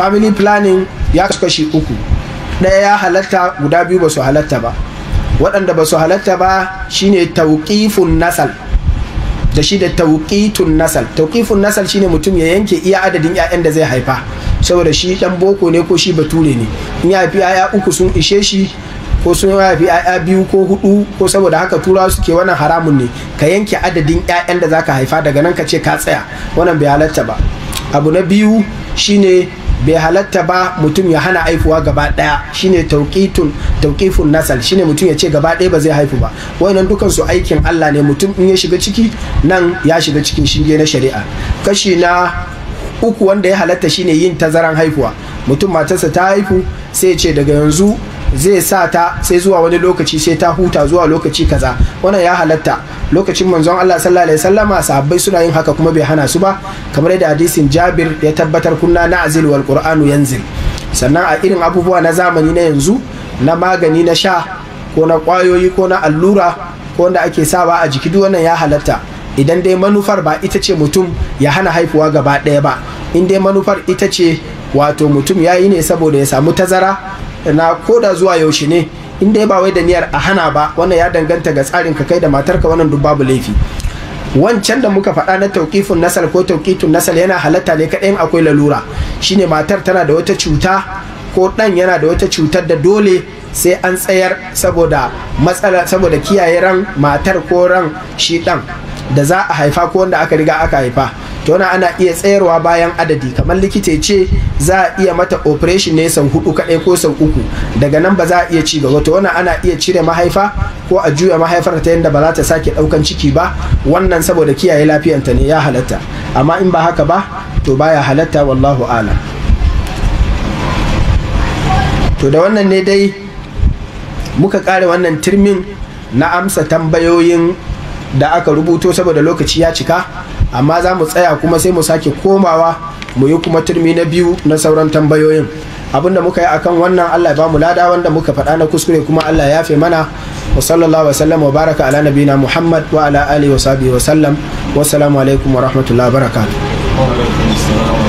family planning ya kasu kashi uku ɗaya ya halatta guda biyu ba su halatta ba waɗanda ba su halatta ba shine tauƙifun nasal da shi da tauƙitun nasal tauƙifun nasal shine mutum ya yanke iya adadin 'ya'yan da zai haifa saboda shi ɗan boko ne ko shi bature ne in ya haifi 'ya'ya uku sun ishe shi ko sun haifi 'ya'ya biyu ko hudu ko saboda haka turawa suke wannan haramun ne ka yanke adadin 'ya'yan da zaka haifa daga nan ka ce ka tsaya wannan bai halatta ba abu na biyu shine bai halatta ba mutum ya hana haifuwa gaba daya shine tauqitun tauqifun nasal shine mutum ya ce gaba daya ba zai haifu ba wayannan dukan su aikin Allah ne mutum in ya shiga ciki nan ya shiga cikin shinge na shari'a kashi na uku wanda ya halatta shine yin tazaran haifuwa mutum matarsa ta haifu sai ce daga yanzu zai sa ta sai zuwa wani lokaci sai ta huta zuwa lokaci kaza wannan ya halatta lokacin manzon Allah sallallahu alaihi wasallama sahabbai suna yin haka kuma bai hana su ba kamar yadda hadisin Jabir ya tabbatar kunna na'zil wal qur'anu yanzil sannan a irin abubuwa na zamani na yanzu na magani na sha ko na kwayoyi ko na allura ko wanda ake sawa a jiki duk wannan ya halatta idan dai manufar ba ita ce mutum ya hana haifuwa gaba ɗaya ba in dai manufar ita ce wato mutum ya yi ne saboda ya samu tazara na koda zuwa yaushe ne in dai ba wai da niyyar a hana ba wannan ya danganta ga tsarin ka kai da matarka wannan duk babu laifi wancan da muka faɗa na tauƙifin nasal ko tauƙitun nasal yana halatta ne kaɗai akwai lalura shine matar tana da wata cuta ko ɗan yana da wata cutar da dole sai an tsayar saboda matsala saboda kiyaye ran matar ko ran shi ɗan da za a haifa ko wanda aka riga aka haifa to na ana iya tsayarwa bayan adadi kamar likita ce za a iya mata operation ne sau hudu kadai ko sau uku daga nan ba za a iya ci gaba to wannan ana iya cire mahaifa ko a juya mahaifar ta yadda ba za ta sake daukan ciki ba wannan saboda kiyaye lafiyanta ne ya halatta amma in ba haka ba to baya halatta wallahu alam to da wannan ne dai muka kare wannan turmin na amsa tambayoyin da aka rubuto saboda lokaci ya cika amma za mu tsaya kuma sai mu sake komawa mu yi kuma turmi na biyu na sauran tambayoyin abin da muka yi akan wannan Allah ya ba mu lada wanda muka faɗa na kuskure kuma Allah ya yafe mana wa sallallahu wa sallam wa baraka ala nabina Muhammad wa ala alihi wa sahbihi wa sallam wassalamu alaikum wa rahmatullahi wa barakatuh